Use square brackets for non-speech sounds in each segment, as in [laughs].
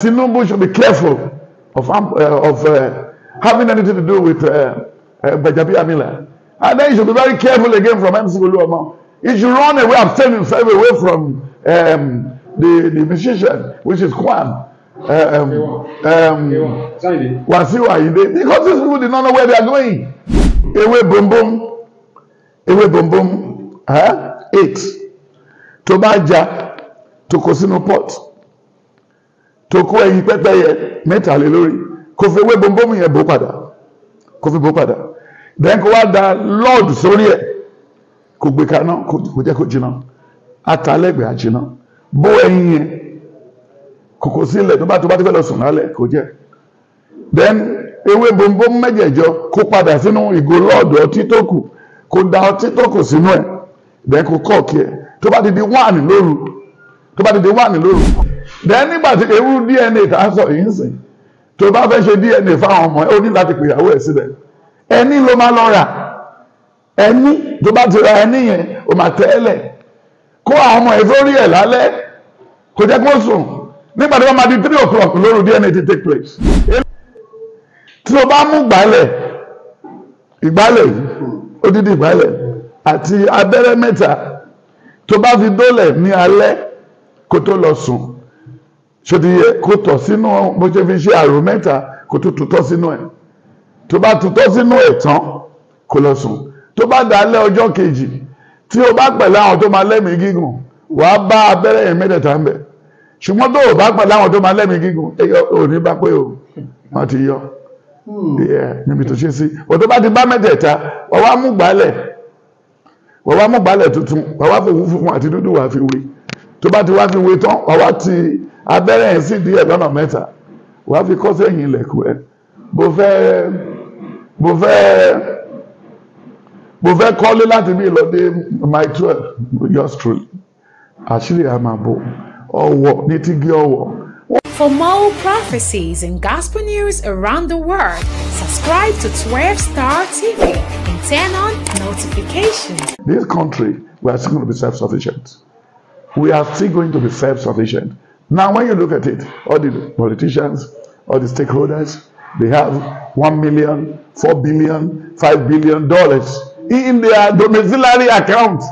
Tinubu should be careful of, um, uh, of uh, having anything to do with uh, uh, Bajabi Amila. And then he should be very careful again from MC Oluoma. He should run away, abstain himself away from um, the, the musician, which is Kwan. Um, um, Wasiu Ayinde. Because these people did not know where they are going. Ewe boom boom. Ewe boom boom. Huh? Eight. Tó bá jà, tó kó tó kó ẹyin pẹ́pẹ́yẹ mẹ́ta lé lórí kò fi ewé bombomu yẹn bò padà kò fi bò padà then kò wá da lọ́ọ̀dù sórí ẹ̀ kò gbé kaná kò jẹ́ kó jiná atalẹ́gbẹ̀ẹ́ àjiná bó ẹyin yẹn kòkò sílẹ̀ tó bá tó bá tó fẹ́ lọ sùn lálẹ́ kò jẹ́ then ewé bombomu mẹ́jẹ̀jọ kó padà sínú ìgò lọ́ọ̀dù ọtí tó kù kò da ọtí tó kù sínú ẹ̀ then kò kọ́ọ̀kì ẹ̀ tó bá di di lóru tó bá di di lóru then nígbà tí ewu DNA tá a sọ yìí ń sìn tó bá fẹ́ ṣe DNA fáwọn ọmọ ẹ ó ní láti pèyàwó ẹ̀ síbẹ̀ ẹni ló máa lọ rà ẹni tó bá ti ra ẹni yẹn ó máa tẹ́lẹ̀ kó àwọn ọmọ ẹ̀ sórí ẹ̀ lálẹ́ kò jẹ́ kó sùn nígbà tí wọ́n máa di three o'clock lóru DNA ti take place tí o bá mú gbálẹ̀ ìgbálẹ̀ yìí odidi ìgbálẹ̀ àti abẹ́rẹ́ mẹ́ta tó bá fi dólẹ̀ ní alẹ́ kó tó lọ sùn ṣòdìyẹ kó tọ̀ sínú bó ṣe fi ṣe àrò mẹ́ta kó tó tutọ́ sínú ẹ̀ tó bá tutọ́ sínú ẹ̀ tán kó lọ sùn tó bá dalẹ́ ọjọ́ kejì tí o bá pẹ̀lú àwọn tó máa lẹ́mìí gígùn wàá bá abẹ́rẹ́ yẹn mẹ́tẹ̀ẹ̀ta ń bẹ̀ ṣùgbọ́n tó o bá pẹ̀lú àwọn tó máa lẹ́mìí gígùn ò ní bá pé o wọ́n ti yọ hmm. níbi tó ṣe sí wọ́n tó bá ti bá mẹ́tẹ̀ẹ̀ta wọ́n wá mú gbálẹ̀ wọ́n wá mú gbálẹ̀ tuntun wọ́n wá fòwú funfun àti dúdú wàá fi wé tó bá ti wá fi wé tán wà wá ti abẹ́rẹ́ yẹn sì di ẹ̀ mẹ́ta wà fi kọ́ sẹ́yìn ilẹ̀kùn ẹ̀ bó fẹ́ bó fẹ́ bó fẹ́ kọ́lé láti bí ìlọ́dé my twelve àṣírí àmàbò ọwọ́ ní ti ọwọ́. For more prophecies and gospel news around the world, subscribe to 12 Star TV and turn on notifications. This country, we are still going to be self sufficient. we are still going to be self sufficient. Now, when you look at it, all the politicians, all the stakeholders, they have one million, four billion, five billion 5 billion dollars in their domiciliary account.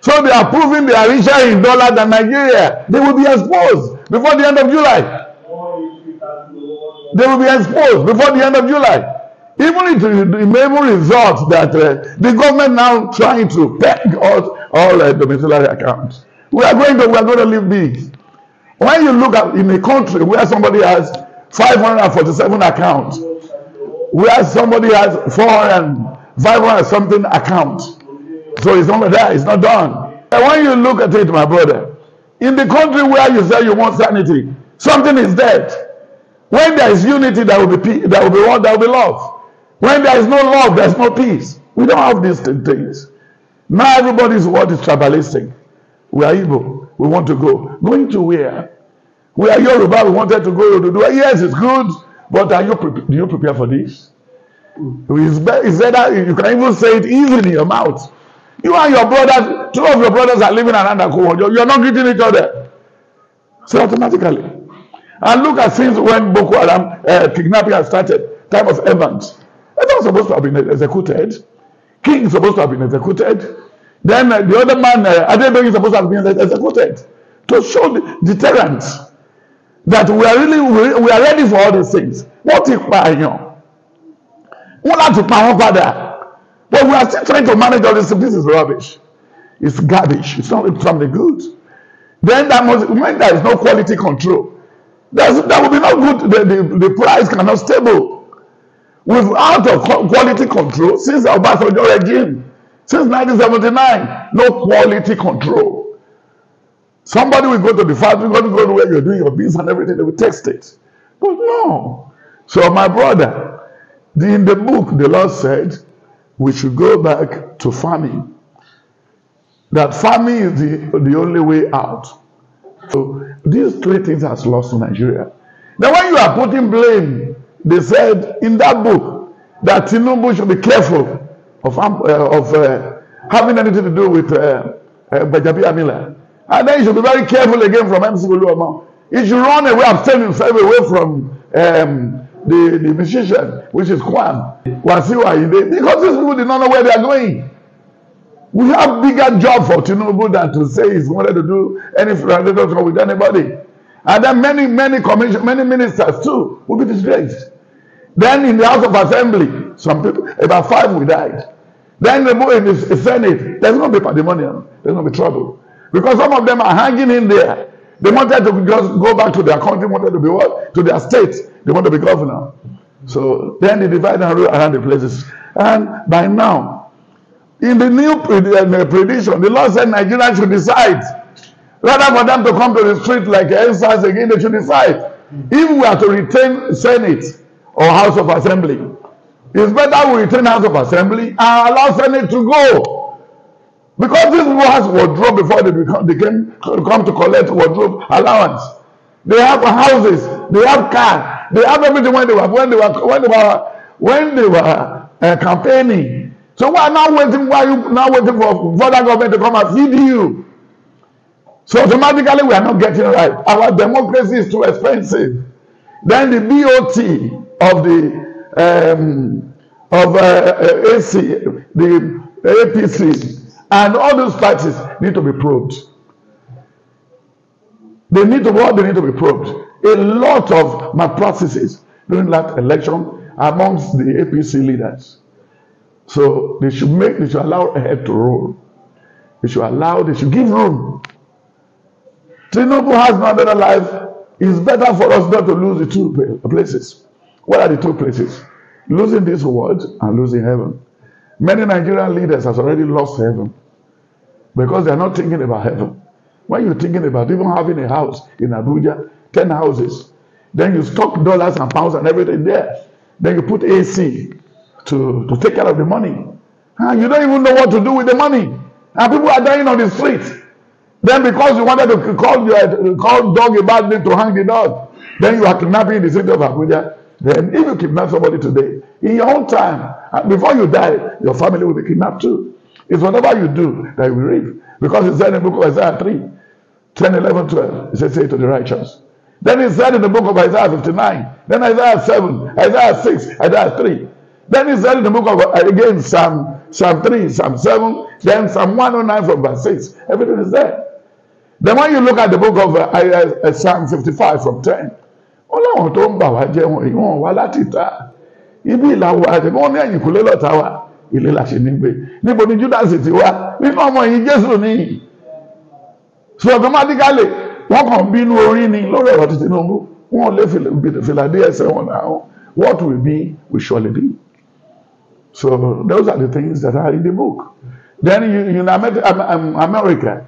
So they are proving they are richer in dollar than Nigeria. They will be exposed before the end of July. They will be exposed before the end of July. Even if the may result that uh, the government now trying to peg out all uh, domiciliary accounts. We are going to, we are going to live big. When you look at in a country where somebody has 547 accounts, where somebody has 400 500 something accounts, so it's not there, it's not done. And when you look at it, my brother, in the country where you say you want sanity, something is dead. When there is unity, there will be peace, there will be one, there will be love. When there is no love, there is no peace. We don't have these things. Now everybody's world is tribalistic. We are Igbo. We want to go. Going to where? We are Yoruba. We wanted to go to do. Yes, it's good. But are you pre- do you prepare for this? It's, be- it's better. You can even say it easily in your mouth. You and your brothers, two of your brothers are living around Akowo. You're, you're not greeting each other. So automatically. And look at since when Boko Haram uh, kidnapping has started, time of Evans. Evans was supposed to have been executed. King is supposed to have been executed. Then uh, the other man, uh, Adebegi, is supposed to have been executed to show the deterrent that we are really we, we are ready for all these things. Wọ́n ti pa èèyàn. Wọ́n to pa wọ́n padà. But we are still trying to manage all this. This is rubbish. It's garbage. It's not from the good. Then that must mean there is no quality control. There's, that will be no good. The, the, the price cannot stable. Without quality control, since Obasanjo regime, Since 1979, no quality control. Somebody will go to the factory, going to go to where you're doing your business and everything, they will test it. But no. So, my brother, in the book, the Lord said we should go back to farming. That farming is the, the only way out. So, these three things has lost Nigeria. Now, when you are putting blame, they said in that book that Tinubu should be careful of, um, uh, of uh, having anything to do with uh, uh, Bajabia Miller. And then you should be very careful again from MC Oluoma. You should run away, abstain himself away from um, the, the musician, which is Kwan, Wasiu because these people do not know where they are going. We have bigger job for Tinubu than to say he's wanted to do any philanthropy with anybody. And then many, many commission, many ministers too will be disgraced. Then in the House of Assembly, Some people, about five will die. Then they move in the Senate. There's going to be pandemonium. There's going to be trouble. Because some of them are hanging in there. They wanted to just go back to their country, wanted to be what? To their state. They want to be governor. So then they divide and rule around the places. And by now, in the new uh, prediction, the Lord said Nigeria should decide. Rather for them to come to the street like answers again, they should decide. If we are to retain Senate or House of Assembly, It's better we return House of Assembly and allow Senate to go. Because these this was wardrobe before they, become, they can come to collect wardrobe allowance. They have houses, they have cars, they have everything when they were when they were when they were when they were uh, campaigning. So why now waiting? Why you now waiting for further government to come and feed you? So automatically we are not getting right. Our democracy is too expensive. Then the BOT of the um, of uh, uh AC, the APC, and all those parties need to be probed. They need to what they need to be probed. A lot of malpractices during that election amongst the APC leaders. So they should make, they should allow a head to roll. They should allow, they should give room. Tinubu has no better life. It's better for us not to lose the two places. What are the two places? Losing this world and losing heaven. Many Nigerian leaders has already lost heaven because they are not thinking about heaven. When you're thinking about even having a house in Abuja, 10 houses, then you stock dollars and pounds and everything there. Then you put AC to, to take care of the money. And you don't even know what to do with the money. And people are dying on the street. Then because you wanted to call, your, call dog a bad name to hang the dog, then you are kidnapping the city of Abuja Then, if you kidnap somebody today, in your own time, and uh, before you die, your family will be kidnapped too. It's whatever you do that you will reap. Because it's said in the book of Isaiah 3, 10, 11, 12. It says, Say to the righteous. Then it's said in the book of Isaiah 59, then Isaiah 7, Isaiah 6, Isaiah 3. Then it's said in the book of, uh, again, Psalm, Psalm 3, Psalm 7, then Psalm 109 from verse 6. Everything is there. Then when you look at the book of uh, uh, Psalm 55 from 10, wọ́n láwọn tó ń bà wá jẹ́ wọn ìwọ̀n wá láti ta ibi ìlàwọ̀ àti wọ́n ní ẹ̀yìnkùlé lọ́ta wa ilé la ṣe nígbé níbo ni Judas ti wá nínú ọmọ yìí Jésù ní so automatically wọ́n kàn bínú orí ni lórí ọ̀rọ̀ ti Tinubu wọ́n lè fìlàdí ẹsẹ̀ wọn náà what will be we surely be so those are the things that are in the book then in America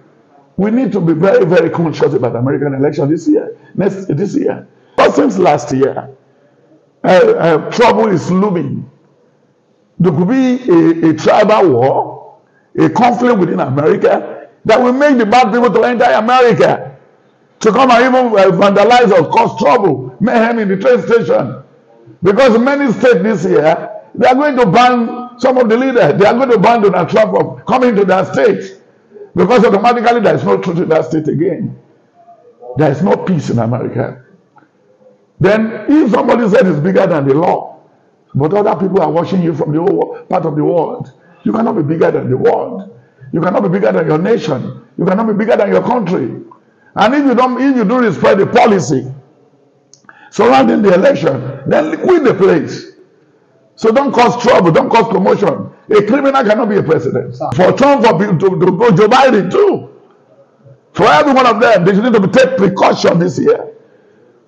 we need to be very very conscious about American election this year next this year But since last year, uh, uh, trouble is looming. There could be a, a tribal war, a conflict within America that will make the bad people to enter America to come and even uh, vandalize or cause trouble, mayhem in the train station. Because many states this year, they are going to ban some of the leaders. They are going to ban Donald Trump from coming to that state. Because automatically there is no truth in that state again. There is no peace in America. Then if somebody said it's bigger than the law, but other people are watching you from the whole part of the world, you cannot be bigger than the world. You cannot be bigger than your nation. You cannot be bigger than your country. And if you don't, if you do respect the policy surrounding the election, then quit the place. So don't cause trouble. Don't cause commotion. A criminal cannot be a president. For Trump, for to, to, Joe Biden too. For every one of them, they need to take precaution this year.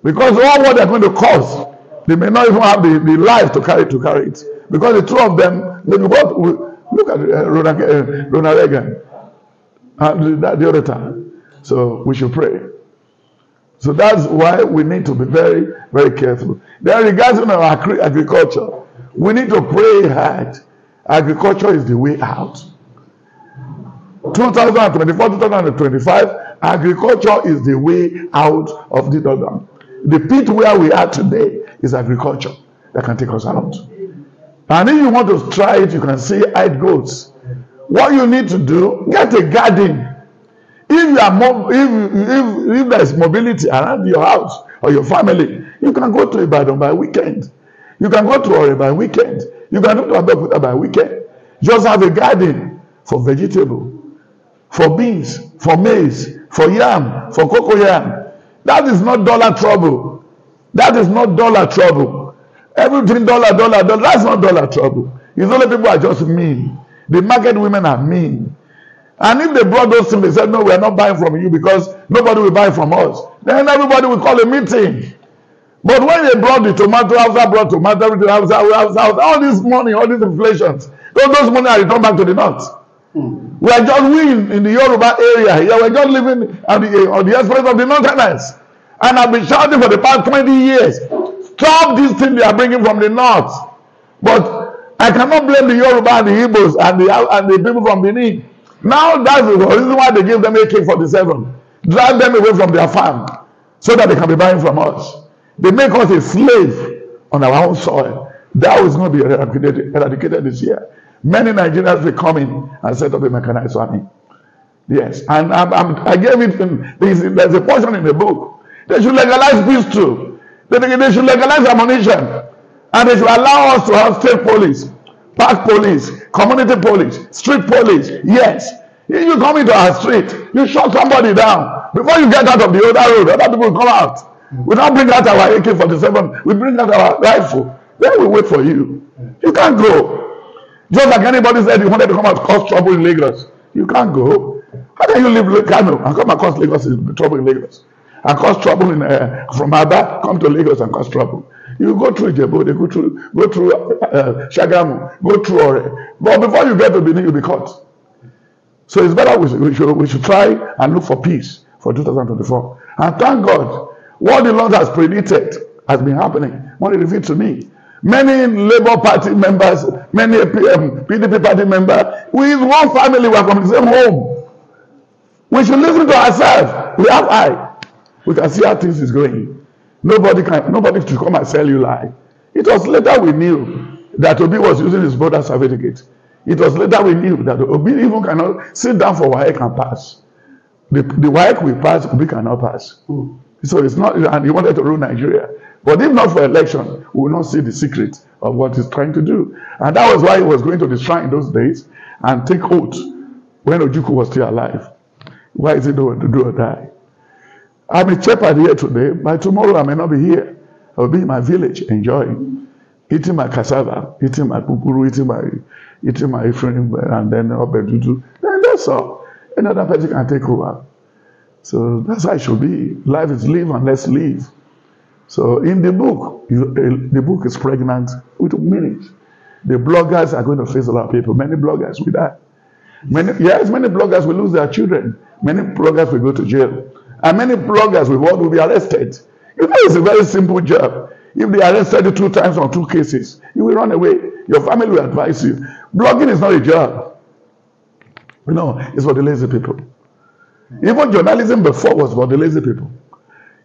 Because all what they're going to cause, they may not even have the, the life to carry to carry it. Because the two of them, they be what we, look at uh, Ronald, uh, Ronald Reagan and the, the other time. So we should pray. So that's why we need to be very, very careful. Then regarding our agriculture, we need to pray hard. Agriculture is the way out. 2024, 2025, agriculture is the way out of the Jordan. The pit where we are today is agriculture that can take us out. And if you want to try it, you can see eyed goats. What you need to do, get a garden. If you are mob, if, if, if there is mobility around your house or your family, you can go to Ibadan by weekend. You can go to Ore by weekend. You can go to Abeokuta by weekend. Just have a garden for vegetable, for beans, for maize, for yam, for cocoa yam. That is not dollar trouble. That is not dollar trouble. Everything dollar, dollar, dollar. That's not dollar trouble. It's only people are just mean. The market women are mean. And if they brought those things, they said, no, we are not buying from you because nobody will buy from us. Then everybody will call a meeting. But when they brought the tomato, Hausa brought tomato, everything, Hausa, Hausa, all this money, all these inflations, all those money are returned back to the north. We are just we in the Yoruba area. Yeah, we're just living on the, eh, on the express of the northerners. And I've been shouting for the past 20 years. Stop this thing they are bringing from the north. But I cannot blame the Yoruba and the Igbos and the, and the people from Benin. Now that's the reason why they give them AK-47. Drive them away from their farm so that they can be buying from us. They make us a slave on our own soil. That is going to be eradicated, eradicated this year. Many Nigerians will come in and set up a mechanized army. Yes, and I'm, I'm, i gave it in, there's, there's a portion in the book. They should legalize pistol. They, they should legalize ammunition. And they should allow us to have state police, park police, community police, street police. Yes. If you come into our street, you shot somebody down. Before you get out of the other road, other people come out. We don't bring out our AK 47, we bring out our rifle. Then we wait for you. You can't go. Just like anybody said you wanted to come and cause trouble in Lagos. You can't go. How can you leave Kano and come and cause Lagos in, trouble in Lagos? And cause trouble in, uh, from Aba, come to Lagos and cause trouble. You go through Ijebu, they go through, go through uh, Shagamu, go through Ore. But before you get to Benin, you'll be caught. So it's better we we, should, we should try and look for peace for 2024. And thank God, what the Lord has predicted has been happening. What he revealed to me many Labour Party members, many PM, um, PDP party members. We are one family, we are from the same home. We should listen to ourselves. We have eye. We can see how things is going. Nobody can, nobody should come and sell you lie. It was later we knew that Obi was using his brother's certificate. It was later we knew that Obi even cannot sit down for WAEC and pass. The, the WAEC we pass, Obi cannot pass. Ooh. So it's not, and he wanted to rule Nigeria. But if not for election, we will not see the secret of what he's trying to do. And that was why he was going to the shrine in those days and take oath when Ojuku was still alive. Why is he doing to do or die? I'm a shepherd here today. By tomorrow, I may not be here. I'll be in my village enjoying, eating my cassava, eating my pukuru, eating my eating my friend, and then obedudu. Then that's all. Another person can take over. So that's how it should be. Life is live and let's live. So in the book, eh, the book is pregnant with meaning. The bloggers are going to face a lot of people. Many bloggers will die. Many, yes, many bloggers will lose their children. Many bloggers will go to jail. And many bloggers will, will be arrested. You know, it's a very simple job. If they arrested you two times on two cases, you will run away. Your family will advise you. Blogging is not a job. You know, it's for the lazy people. Even journalism before was for the lazy people.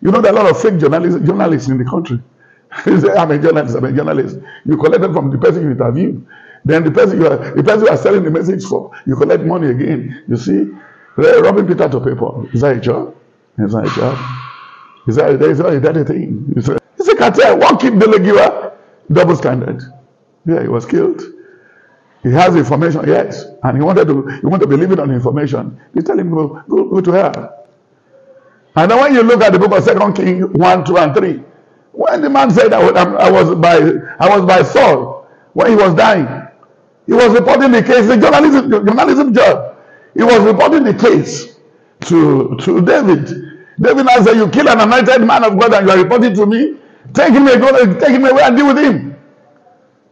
You know, there are a lot of fake journalists, journalists in the country. I'm [laughs] a journalist, I'm a journalist. You collect them from the person you interview. Then the person you are, the person you are selling the message for, you collect money again. You see, they're robbing Peter to pay Paul. Is that a job? Is that a job? Is that, is that, is that a thing? It's a cartel. One keep the giver, double standard. Yeah, he was killed. He has information, yes. And he wanted to he wanted to believe it on information. They tell him, go, go, go to hell. And then when you look at the book of Second King 1, 2, and 3, when the man said I was, by I was by Saul, when he was dying, he was reporting the case, the journalism, journalism job. He was reporting the case to, to David. David now said, You kill an anointed man of God and you are reporting to me. Take him away, take him away and deal with him.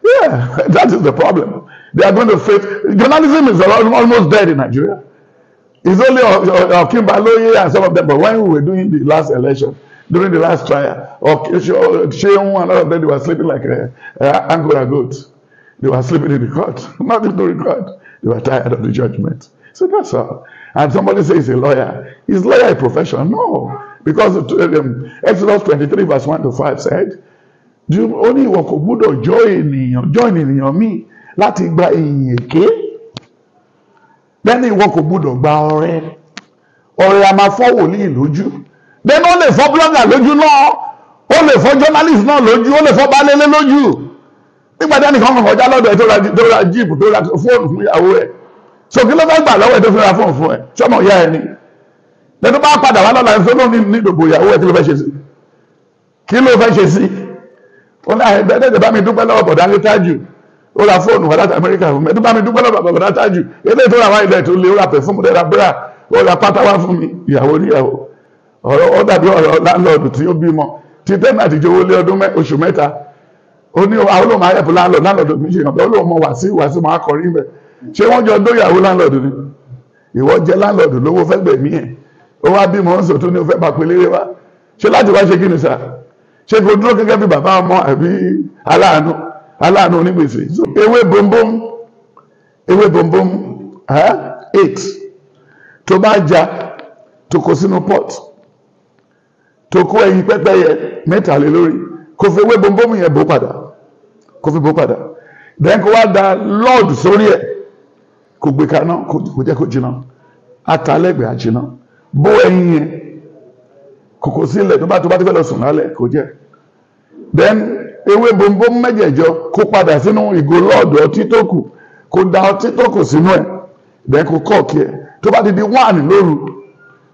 Yeah, [laughs] that is the problem. They are going to face. Journalism is almost dead in Nigeria. It's only Akim Baloye and some of them. But when we were doing the last election, during the last trial, Sheung and all of them, they were sleeping like a, uh, uh, Angora goats. They were sleeping in the court. [laughs] not in the record. They were tired of the judgment. So that's all. And somebody says he's a lawyer. Is lawyer a profession? No. Because um, Exodus 23 verse 1 to 5 said, Do you only walk good or join in, your, join in your me? láti gba ìyìn èké lẹ́ni ìwọ kò gbúdọ̀ gba ọrẹ ọrẹ a máa fọ́ wòlíì lójú lẹ́nu ó lè fọ́ blọ́gà lójú náà ó lè fọ́ journalist náà lójú ó lè fọ́ balẹ̀lẹ̀ lójú nígbà tí ẹnìkan kan kọjá lọ́dọ̀ ẹ̀ tó ra jíìpù tó ra fóònù fún ìyàwó ẹ̀ so kí ló fẹ́ gbà lọ́wọ́ ẹ̀ tó fi ra fóònù fún ẹ̀ sọmọ ìyá ẹ̀ ni lẹ́nu bá padà wá lọ́la ẹ̀ tó lóun ní ìdòbò ìyàwó ẹ̀ kí ló fẹ́ ṣe sí kí ló fẹ́ ṣe sí ó ní àyẹ̀dẹ́dẹ́ mi dúpẹ́ lọ́wọ́ bọ̀dá ní tájù ó ra fóònù wá láti amẹ́ríkà fún mi ẹ̀dùn bá mi dúpẹ́ lọ́wọ́ bàbá dáta jù eléyìí tó ra wáyé lẹ́ẹ̀ tó lé ó ra pẹ̀fúmù lẹ́ra bíra ó ra pátá wá fún mi ìyàwó níyàwó ọ̀rọ̀ ó dàbí ọ̀rọ̀ láńlọ́ọ̀dù tí ó bímọ ti tẹ́nà àtijọ́ owó lé ọdún oṣù mẹ́ta ó ní olóòmọ ayẹ́pù láńlọ́ọ̀dù láńlọ́ọ̀dù mi ṣe ìrànlọ́wọ́ olóòmọ wàásù wàásù máa kọrin bẹ̀ ṣé wọ́n jọ dóyàwó láńlọ́ọ̀dù ni ìwọ jẹ láńlọ́ọ̀dù lówó fẹ́ gbẹ̀mí ẹ̀ ó wá bímọ ó ń sòtún ní o fẹ́ bá pelére wa ṣé láti wá ṣe kí ni sà ṣé kò dúró gẹ́gẹ́ bí bàbá ọmọ àbí aláàánú aláàánú onígbèsè ewé bombom ewé bombom eight tó bá ja tó kó sínú pot tó kó ẹyin pẹ́pẹ́yẹ mẹ́ta lé lórí kò fi ewé bombom yẹn bò padà kò fi bò padà then kò wá da lọ́ọ̀dù sórí ẹ̀ kò gbé kaná kò jẹ́ kó jiná atalẹ́gbẹ̀ẹ́ àjiná bó ẹyin yẹn kòkò sílẹ̀ tó bá tó bá ti fẹ́ lọ sùn lálẹ́ kò jẹ́ then ewé bombom mẹ́jẹ̀jọ kó padà sínú ìgò lọ́ọ̀dù ọtí tó kù kó da ọtí tó kù sínú ẹ̀ bẹ́ẹ̀ kó kọ́ọ̀kì ẹ̀ tó bá ti di wáàní lóru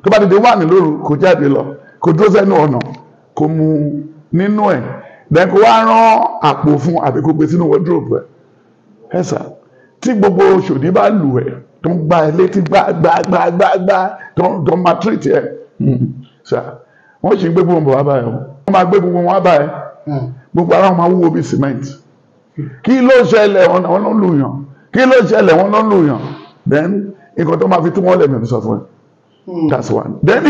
tó bá ti di wáàní lóru kó jáde lọ kó dúró sẹ́nu ọ̀nà kó mu nínú ẹ̀ bẹ́ẹ̀ kó wá rán àpò fún àbí kó gbé sínú wọ́dúrópù ẹ̀ ẹ̀ sà tí gbogbo ṣòdí bá lù ẹ̀ tó ń gba ẹ létí gbàgbàgbàgbà tó ń matrix ẹ̀ hmm. sà wọ́n sì gbé gbogbo wọn bọ̀ wọ́n máa gbé gbogbo wọn wá Hmm. gbogbo ara wọn máa wúwo bíi cement kí ló ṣẹlẹ̀ wọn ló ń lùyàn kí ló ṣẹlẹ̀ wọn ló ń lùyàn then nǹkan tó máa fi tún wọn lẹ̀ mi ò ní sọ fún ẹ hmm. that's one then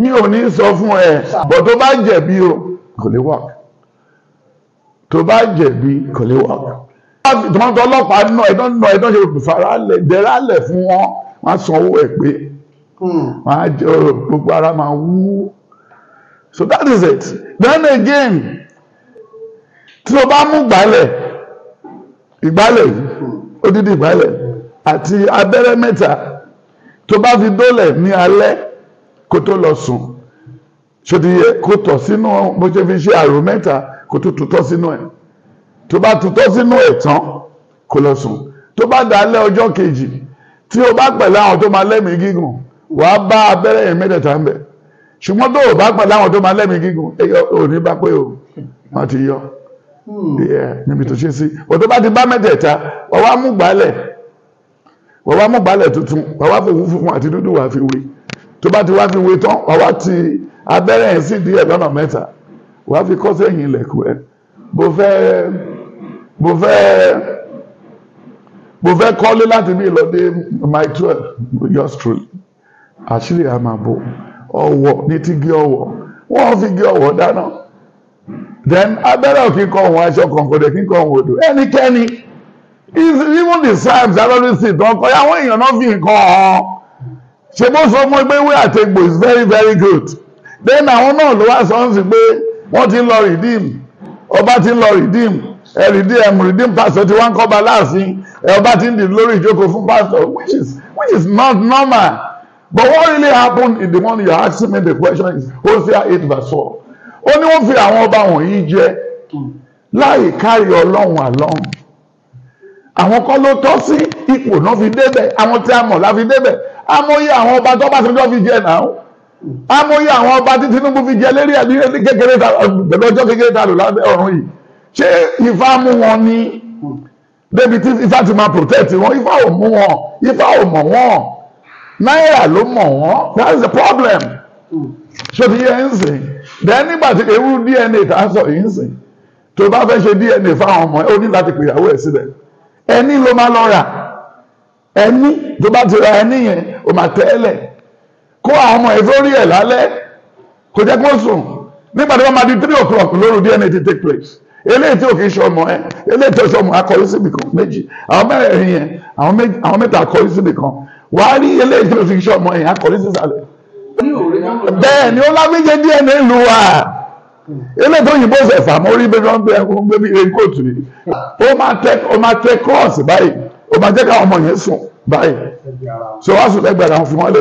mi ò ní sọ fún ẹ but tó bá jẹ̀bi o kò lè work tó bá jẹ̀bi kò lè work tòmátò ọlọ́pàá náà ẹ̀dọ́ náà ẹ̀dọ́ ṣe fara lẹ̀ dẹ̀ra lẹ̀ fún wọn wọn á sanwó ẹ̀ pé hmm. wọn á jẹ́ gbogbo ara máa wú so that is it then again tí o bá mú ìgbálẹ̀ ìgbálẹ̀ yìí odidi ìgbálẹ̀ àti abẹ́rẹ́ mẹ́ta tó bá fi dólẹ̀ ní alẹ́ kó tó lọ sùn ṣòdìyẹ kó tọ̀ sínú bó ṣe fi ṣe àrò mẹ́ta kó tó tutọ́ sínú ẹ̀ tó bá tutọ́ sínú ẹ̀ tán kó lọ sùn tó bá dalẹ́ ọjọ́ kejì tí o bá pẹ̀lú àwọn tó máa lẹ́mìí gígùn wàá bá abẹ́rẹ́ yẹn mẹ́tẹ̀ẹ̀ta ń bẹ̀ ṣùgbọ́n tó o bá pẹ̀lú àwọn tó máa lẹ́mìí gígùn ò ní bá pé o wọ́n ti yọ. Hmm. níbi tó ṣe sí wọ́n tó bá ti bá mẹ́tẹ̀ẹ̀ta wọ́n wá mú gbálẹ̀ wọ́n wá mú gbálẹ̀ tuntun wọ́n wá fòwú funfun àti dúdú wá fi wé tó bá ti wá fi wé tán wọ́n wá ti abẹ́rẹ́ yẹn sí díẹ̀ lọ́nà mẹ́ta wọ́n á fi kọ́ sẹ́yìn ilẹ̀kùn ẹ̀ bó fẹ́ bó fẹ́ bó fẹ́ kọ́lé láti bí ìlọ́dé my twelve yours truly àṣírí àmàbò ọwọ́ ní ti gé ọwọ́ wọ́n fi gé ọwọ́ dáná then abẹ́rẹ́ ò kí n kọ́ òun aṣọ kan kò dé kí n kọ́ òun odò ẹnikẹ́ni even the psalms alonso tó ń kọ́ àwọn èèyàn náà fi nǹkan hàn ṣe bó sọ fún pé ìwé àtegbò is very very good then àwọn náà ló wá sọ ń sìn pé wọ́n ti ń lọ redeem ọba ti ń lọ redeem ẹ redeem redeem pastor ti wá ń kọ́ba láàfin ẹ ọba ti ń dì lórí ìjókòó fún pastor which is which is not normal but what really happened in the morning you ask me the question is Hosea eight verse four ó ní wọ́n fi àwọn ọba wọ̀nyí jẹ láì kárí ọlọ́run àlọ́run àwọn kan ló tọ́ sí ipò náà fi débẹ̀ àwọn tí a mọ̀ la fi débẹ̀ amóye àwọn ọba tó bá tọjọ́ fi jẹ náà amóye àwọn ọba tí Tinubu fi jẹ lérí ẹbí kékeré ta pẹ̀lú ọjọ́ kékeré ta lò lábẹ́ ọ̀run yìí ṣé Ifá mú wọn ní débi tí Ifá ti máa protect wọn Ifá ò mú wọn Ifá ò mọ̀ wọn náírà ló mọ̀ wọn that is the problem ṣé o ti yẹ ń sìn bẹ́ẹ̀ nígbà tí ewu DNA tá a sọ yìí ń sìn tó bá fẹ́ ṣe DNA fáwọn ọmọ ó ní láti pè ìyàwó ẹ̀ sílẹ̀ ẹni ló máa lọ rà ẹni tó bá ti ra ẹni yẹn ó máa tẹ́lẹ̀ kó àwọn ọmọ ẹ̀ sórí ẹ̀ lálẹ́ kò jẹ́ kó sùn nígbà tí wọ́n máa di three o'clock lóru DNA ti take place eléyìí tí ò kì í ṣe ọmọ ẹ eléyìí tí ò ṣe ọmọ akọrí síbi kan méjì àwọn mẹ́rẹ̀ẹ̀rin yẹn àwọn mẹ́ta akọrí síbi kan wàá rí eléyìí tí ò kì í ṣe ọmọ yẹn akọrí sísàlẹ̀ bẹ́ẹ̀ ni ó lágbèjẹ díẹ̀ nílùú wa ilé tó yìnbó fẹ̀fà mo rí bí wọ́n gbé ẹkún gbé bí rẹ́kọ̀tù ni ó máa tẹ ó máa tẹ kírọ́ọ̀sì báyìí ó máa jẹ́ káwọn ọmọ yẹn sùn báyìí so wá sùn lẹ́gbẹ̀ẹ́ àwọn fún wọn lé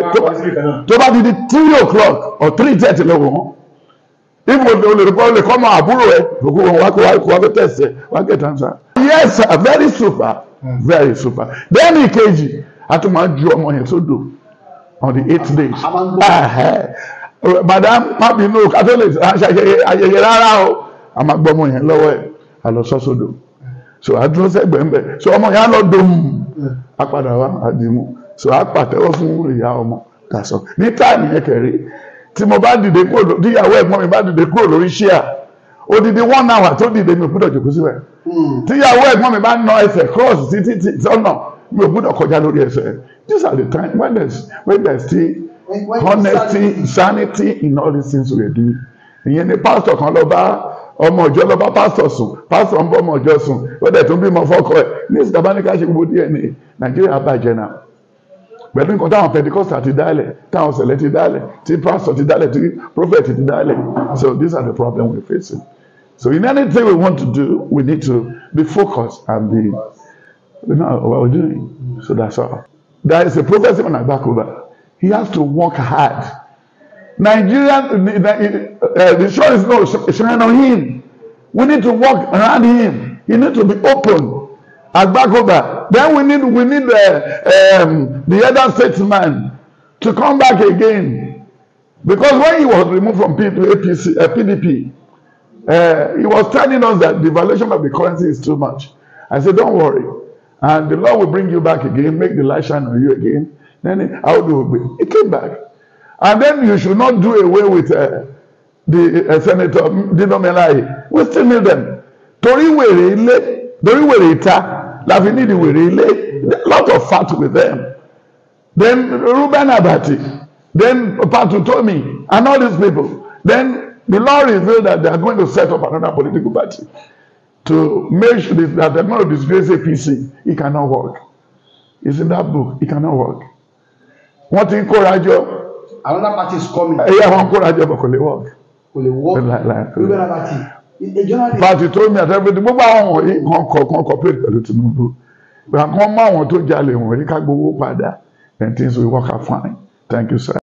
tó bá ti di three o'clock or three thirty lọ́wọ́ wọn ibo olùdókòwò lè kọ́ ọmọ àbúrò ẹ gbogbo wọn wá kó wá kó wá fẹ́ tẹ̀sí wá kẹ́ tàǹsà yes sir very super very super then ìkejì a tún máa ju ọmọ yẹn sódò. So on the eight days. madam mabinu catholic ayẹyẹ rárá o a máa gbọ́ ọmọ yẹn lọ́wọ́ ẹ̀ a lọ sọ́sọ́dọ̀ so a dúró sẹ́gbẹ̀ẹ́ ń bẹ̀ so ọmọ yẹn á lọ dòm a padà wá a dì mú so a pàtẹ́wọ́ fún ìyá ọmọ kà sọ ní táàmì yẹn kẹrí tí mo bá dìde kúrò díyàwó ẹ̀gbọ́n mi bá dìde kúrò lórí ṣíà odidi one hour tó dìde mi ò gbọ́dọ̀ jòkó síbẹ̀ hmm. tíyàwó ẹ̀gbọ́n mi bá na ẹsẹ̀ cross títí sọ́nà mi ò gbọ́dọ̀ kọjá lórí ẹsẹ̀ these are the times when there's when there's still honesty sanity in all these things we do ìyẹn ni pastor kan lọ bá ọmọ ìjọ lọ bá pastor sùn pastor ń bọ ọmọ ìjọ sùn ó dẹ̀ tún bímọ fọ́kọ ẹ̀ ní ìsìtàbáníkà ṣe gbogbo DNA nàìjíríà bàjẹ́ náà pẹ̀lú nǹkan táwọn pentikosta ti dálẹ̀ táwọn sẹ̀lẹ̀ ti dálẹ̀ tí pastor ti dálẹ̀ tí prophet ti dálẹ̀ so these are the problems we're facing so in anything we want to do we need to be focused and be. That's not what we're doing. So that's all. That is a prophecy on Abakuba. He has to work hard. Nigerian, the uh, show is not shining on him. We need to work around him. He needs to be open. Agbakoba. Then we need we need the uh, um, the other statesman to come back again, because when he was removed from APC, uh, PDP, uh, he was telling us that the valuation of the currency is too much. I said, don't worry. And the Lord will bring you back again, make the light shine on you again. Then how do it came back? And then you should not do away with uh, the uh, Senator Dino Melai. We still need them. Torí wèrè ilé, torí wèrè ìta, A lot of fat with them. Then Ruben Abati, then Patu Tomi, and all these people. Then the Lord revealed that they are going to set up another political party to make sure that the man will disgrace APC, it cannot work. It's in that book. It cannot work. What ti ń Another party is coming. Eh, yeah, wọn kóra but kò lè work. Kò lè work. Liberal party. Party tó mi àtẹ́gbẹ́dẹ́ gbogbo àwọn wọ̀nyí kan kọ̀ọ̀kan cooperate pẹ̀lú Tinubu. Àwọn kan mọ àwọn tó jalè wọ̀nyí ká gbowó padà and things will work out fine. Thank you sir.